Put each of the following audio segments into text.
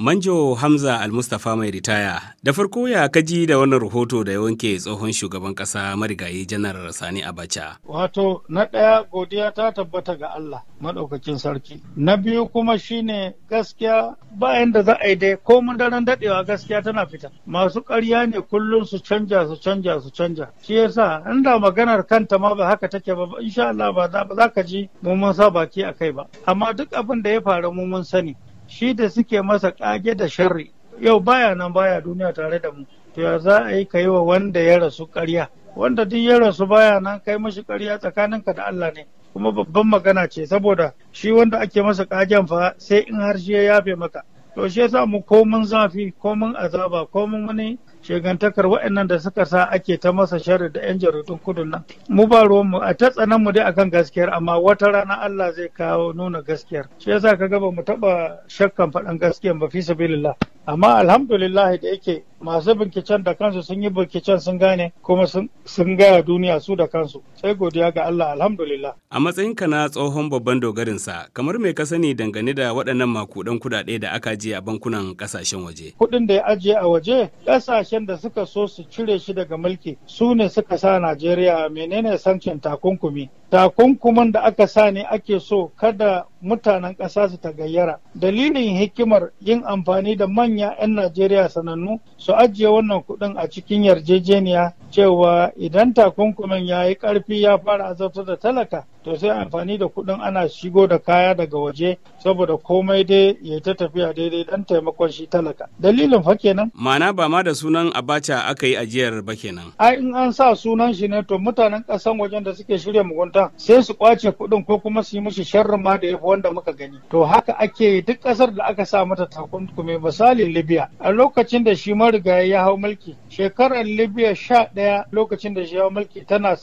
Manjo Hamza AlMustafa mai ritaya, da farko ya kaji da wannan rahoto da ya wanke tsohon shugaban ƙasa marigayi janar Sani Abacha. Wato, na ɗaya godiya ta tabbata ga Allah maɗaukakin sarki. Na biyu kuma shine gaskiya bayan da za a yi dai ko mun daren daɗewa gaskiya tana fita. Masu ƙarya ne kullum su canja su canja su canja. Shi yasa in da maganar kanta ma ba haka take ba insha Allah ba za ka ji mu mun sa baki a kai ba. Amma duk abin da ya faru mu mun sani. shi da suke masa ƙage da sharri yau baya nan baya duniya tare da mu to ya za a yi ka yi wa wanda ya rasu ƙarya wanda duk ya rasu baya nan kai mashi ƙarya tsakaninka da Allah ne kuma babban magana ce saboda shi wanda ake masa ƙagen fa sai in har shi ya yafe maka to shi yasa mu komin zafi komin azaba komin wani shagantakar waɗannan da suka sa ake ta masa sharri da 'yan jaridun kudu nan mu ba mu a ta tsanan mu dai akan gaskiyar amma wata rana Allah zai kawo nuna gaskiyar shi yasa ka gaba mu taɓa shakkan faɗan gaskiyar ba fi sabilillah amma alhamdulillah da yake masu binkicen da kansu sun yi binkicen sun gane kuma sun gaya duniya su da kansu sai godiya ga Allah alhamdulillah a matsayinka na tsohon babban dogarinsa kamar mai ka sani dangane da waɗannan makudan kuɗaɗe da aka ajiye a bankunan kasashen waje kuɗin da ya ajiye a waje ƙasashen kasashen da suka so su cire shi daga mulki su ne suka sa Najeriya menene sancin takunkumi Takunkuman da aka sa ne ake so kada mutanen ƙasa su ta gayyara. Dalilin hikimar yin amfani da manya 'yan Najeriya sanannu su ajiye wannan kuɗin a cikin yarjejeniya cewa idan takunkumin ya yi ƙarfi ya fara azabtar da talaka to sai amfani da kuɗin ana shigo da kaya daga waje saboda komai dai ya ta tafiya daidai dan taimakon shi talaka. Dalilin fa kenan. Ma'ana ba ma da sunan Abacha aka yi ajiyar ba kenan. Ai in an sa sunan shi ne to mutanen ƙasan wajen da suke shirya mugunta sai su kwace kuɗin ko kuma su yi mishi sharrin ma da yafi wanda muka gani to haka ake yi duk ƙasar da aka sa mata takunkumi misali libya a lokacin da shi marigayi ya hau mulki shekarar libya sha ɗaya lokacin da shi ya hau mulki tana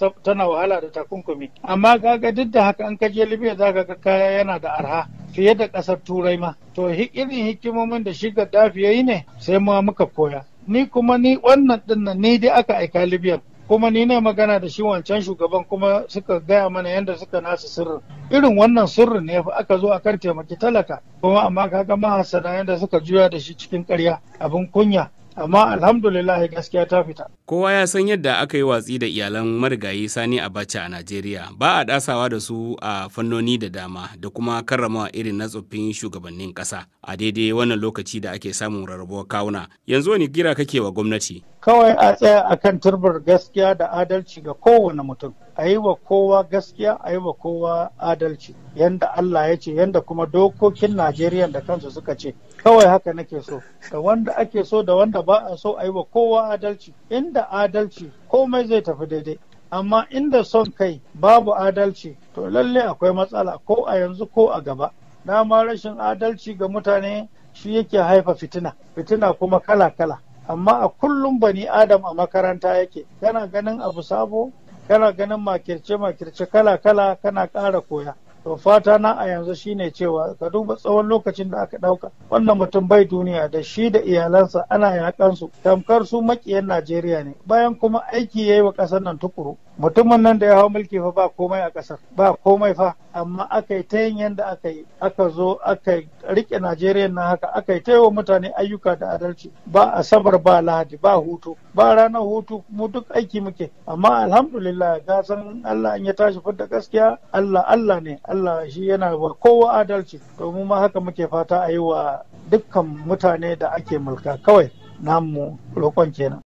wahala da takunkumi amma gagadin duk da haka an kaje libya za ka ga kaya yana da arha fiye da ƙasar turai ma to irin hikimomin da shiga gaddafi ya yi ne sai ma muka koya ni kuma ni wannan dinnan ni dai aka aika libya kuma ni ne magana da shi wancan shugaban kuma suka gaya mana yadda suka nasu sirrin irin wannan sirrin ne fa aka zo a akan taimaki talaka kuma amma kaga mahasana yadda suka juya da shi cikin karya abin kunya amma alhamdulillah gaskiya ta fita. Kowa ya san yadda aka yi watsi da iyalan marigayi Sani Abacha a Najeriya ba a dasawa da su a fannoni da dama da kuma karramawa irin na tsoffin shugabannin ƙasa a daidai wannan lokaci da ake samun rarrabuwar kawuna. Yanzu wani gira kake wa gwamnati? Kawai a tsaya akan turbar gaskiya da adalci ga kowane mutum. a yi wa kowa gaskiya a yi wa kowa adalci yanda Allah ya ce yanda kuma dokokin Najeriya da kansu suka ce kawai haka nake so da wanda ake so da wanda ba a so a yi wa kowa adalci inda adalci komai zai tafi daidai amma inda son kai babu adalci to lalle akwai matsala ko a yanzu ko a gaba dama rashin adalci ga mutane shi yake haifa fitina fitina kuma kala kala amma a kullum bani adam a makaranta yake yana ganin abu sabo kana ganin makirce makirce kala kala kana ƙara koya to fata na a yanzu shine cewa ka duba tsawon lokacin da aka ɗauka wannan mutum bai duniya da shi da iyalansa ana yakan su tamkar su makiyan Najeriya ne bayan kuma aiki yayi wa ƙasar nan tukuru mutumin nan da ya hau mulki fa ba komai a ƙasar ba komai fa amma aka yi ta yin yadda aka yi aka zo aka rike najeriya na haka aka yi ta yi mutane ayyuka da adalci ba a asabar ba lahadi ba hutu ba ranar hutu mu duk aiki muke amma alhamdulillah ga san allah in ya tashi fidda gaskiya allah allah ne allah shi yana ba kowa adalci to mu ma haka muke fata a yi wa dukkan mutane da ake mulka kawai namu roƙon kenan